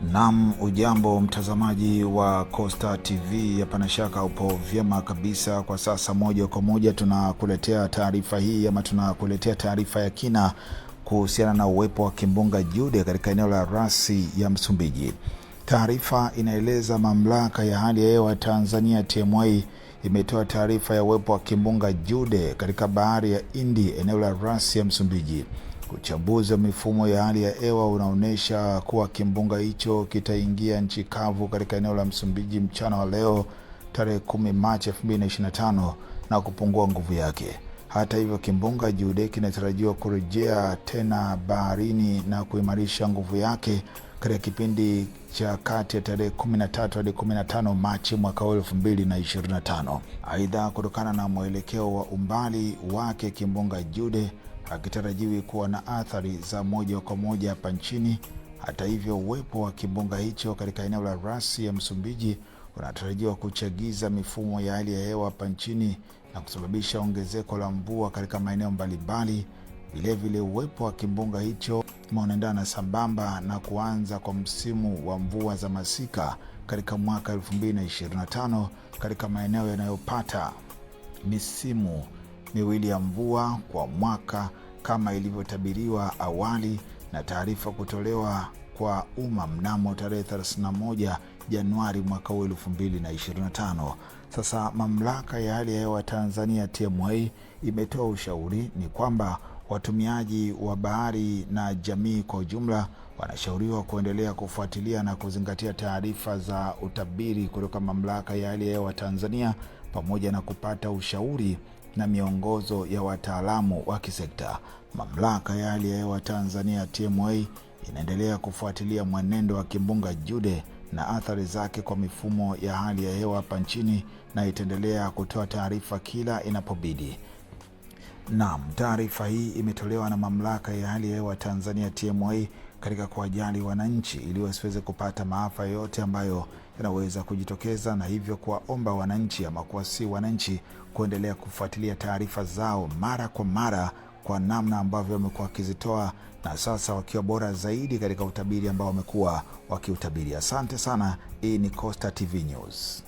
Nam, ujambo mtazamaji wa Costa TV, hapana shaka upo vyema kabisa. Kwa sasa moja kwa moja tunakuletea taarifa hii ama tunakuletea taarifa ya kina kuhusiana na uwepo wa kimbunga Jude katika eneo la rasi ya Msumbiji. Taarifa inaeleza mamlaka ya hali ya hewa Tanzania TMA imetoa taarifa ya uwepo wa kimbunga Jude katika bahari ya Hindi, eneo la rasi ya Msumbiji. Uchambuzi wa mifumo ya hali ya hewa unaonyesha kuwa kimbunga hicho kitaingia nchi kavu katika eneo la Msumbiji mchana wa leo tarehe 10 Machi 2025 na kupungua nguvu yake. Hata hivyo, kimbunga Jude kinatarajiwa kurejea tena baharini na kuimarisha nguvu yake katika kipindi cha kati ya tarehe 13 hadi 15 Machi mwaka 2025. Aidha, kutokana na mwelekeo wa umbali wake, kimbunga Jude hakitarajiwi kuwa na athari za moja kwa moja hapa nchini. Hata hivyo, uwepo wa kimbunga hicho katika eneo la rasi ya Msumbiji unatarajiwa kuchagiza mifumo ya hali ya hewa hapa nchini na kusababisha ongezeko la mvua katika maeneo mbalimbali. Vilevile, uwepo wa kimbunga hicho unaendana sambamba na kuanza kwa msimu wa mvua za masika katika mwaka 2025 katika maeneo yanayopata misimu miwili ya mvua kwa mwaka kama ilivyotabiriwa awali na taarifa kutolewa kwa umma mnamo tarehe 31 Januari mwaka huu 2025. Sasa mamlaka ya hali ya hewa Tanzania TMA imetoa ushauri ni kwamba watumiaji wa bahari na jamii kwa ujumla wanashauriwa kuendelea kufuatilia na kuzingatia taarifa za utabiri kutoka mamlaka ya hali ya hewa Tanzania pamoja na kupata ushauri na miongozo ya wataalamu wa kisekta. Mamlaka ya hali ya hewa Tanzania TMA inaendelea kufuatilia mwenendo wa kimbunga Jude na athari zake kwa mifumo ya hali ya hewa hapa nchini na itaendelea kutoa taarifa kila inapobidi. Naam, taarifa hii imetolewa na Mamlaka ya Hali ya Hewa Tanzania TMA katika kuwajali wananchi ili wasiweze kupata maafa yoyote ambayo yanaweza kujitokeza, na hivyo kuwaomba wananchi ama kuwasii wananchi kuendelea kufuatilia taarifa zao mara kwa mara kwa namna ambavyo wamekuwa wakizitoa na sasa wakiwa bora zaidi katika utabiri ambao wamekuwa wakiutabiri. Asante sana. Hii ni Costa TV News.